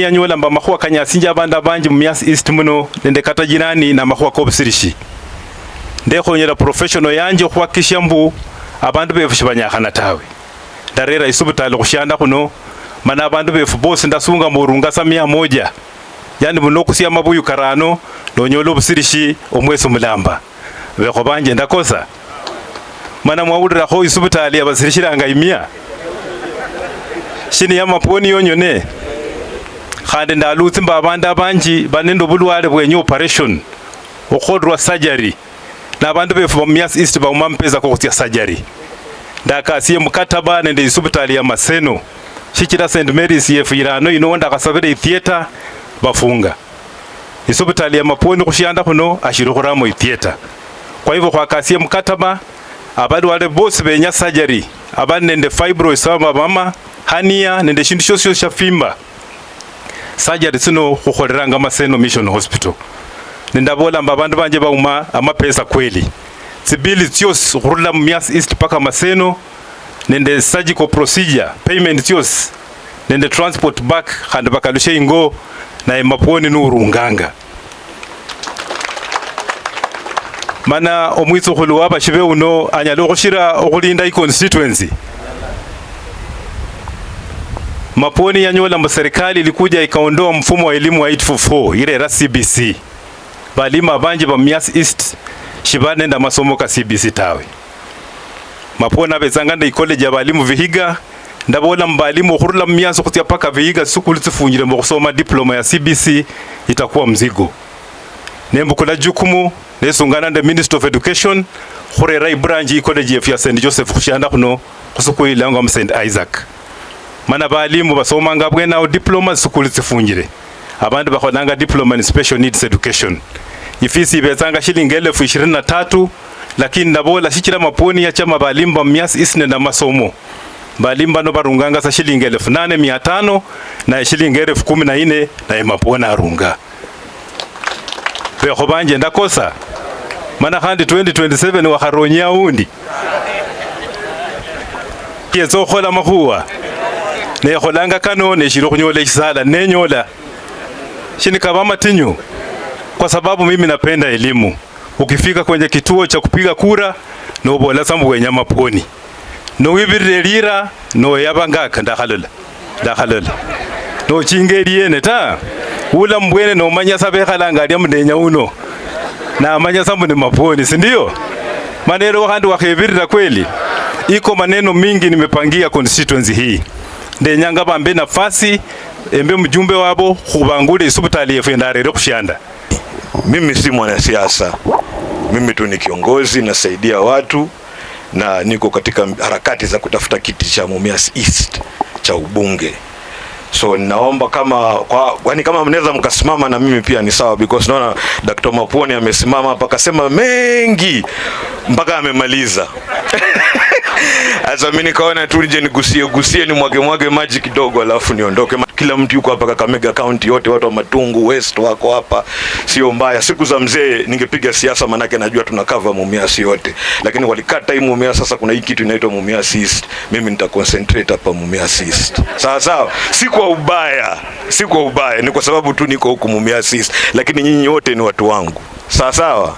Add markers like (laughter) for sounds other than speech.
yanyola mba makhuwa kanyasinja abandu banji mumyasi east muno nende kata jirani na makhuwa kobusirishi ndekhonyela professional yanje khuwakikisha mbu abandu befu sibanyakhana tawe ndarera isubitali khushanda khuno mana abandu befu bosi ndasunga murunga sa mia moja yani buno kusia mabuyu karano nonyola obusirishi omwesi mulamba bekho banje ndakosa mana mwawulirakho isubitali abasirishiranga imia shini ya yamapwoni yonyone khandi ndalutsimba abandu abanji bali nende bulwale bwenya operation okholelwa surgery na bandu abandu befe bamumias east bauma mapesa kokhutsia surgery ndakasiye mukataba nende isubitali ya maseno shichira st marys yefu irano ino ndakhasabira itheatre bafunga isubitali ya mapwoni khushanda khuno ashili khuramo itheatre kwa hivyo khwakasiye mukataba abalwale bosi benya surgery abali nende fibroids abamama hania nende shindu shosi sha fimba sajari sino khukholeranga maseno mission hospital mba bandu banje bauma amapesa kweli tsibili tsyosi khurula mias east paka maseno nende surgical procedure payment tsyosi nende transport back khandi bakalushe ingo naye mapwoni nuurunganga mana omwitsukhulu wabashi uno anyala khushira okhulinda iconstituency maponi ya nyola mba serikali ilikuja ikaondoa mfumo wa elimu wa 844 ile ra CBC balima banje ba Mias East shibane shibanenda masomo ka CBC tawe mapona bezanganda college ya balimu vihiga ndabola mbalimu khurula Mias khutya paka vihiga sukulu tsifungile mbo kusoma diploma ya CBC itakuwa mzigo nembukula jukumu nesungana nda Minister of Education khurera ibranji college ya St Joseph khushanda khuno khusukuilanga mu St Isaac mana balimu basomanga bwenawo diploma zisukulu zifungire abandu bakholanga diploma ni special needs education ifisi ibetsanga shilingi elefu ishirini na tatu lakini nabola shichira mapwoni yachama balimu ba isine na masomo balimu bano barunganga sa shilingi elefu nane mia tano na shilingi elefu kumi na ine naye mapwoni arunga bekho banje ndakosa mana khandi 2027 wakharonya aundi yetsa okhola makhuwa nekholanga kano neshili khunyola esisala nenyola shinikaba amatinyu kwa sababu mimi napenda elimu. Ukifika kwenye kituo cha kupiga kura nobola sambu wenya maponi nowibirire lira noyaba ngaka ndakhalola ndakhalola nochinga eliene ta bulamu bwene nomanya sa bekhalanga alia mudenya uno namanya sambu ni maponi sindio? Maneno khandi wakhebirira kweli, iko maneno mingi nimepangia constituency hii ndenyanga bambe nafasi embe mjumbe wabo khubangule isubitali yefu ndarere khushanda mimi si mwanasiasa mimi tu ni kiongozi nasaidia watu na niko katika harakati za kutafuta kiti cha Mumias East cha ubunge so naomba kama kwa, yani kama mnaweza mkasimama na mimi pia ni sawa, because naona Dr. Mapuoni amesimama hapa akasema mengi mpaka amemaliza (laughs) Sasa mimi nikaona tu nje nigusie gusie ni mwage mwage maji kidogo, alafu niondoke. Kila mtu yuko hapa Kakamega County yote, watu wa Matungu West wako hapa, sio mbaya. Siku za mzee ningepiga siasa, manake najua tuna cover Mumias yote, lakini walikata hii Mumias. Sasa kuna hii kitu inaitwa Mumias East, mimi nita concentrate hapa Mumias East, sawa sawa. Si kwa ubaya, si kwa ubaya, ni kwa sababu tu niko huku Mumias East, lakini nyinyi wote ni watu wangu, sawa sawa.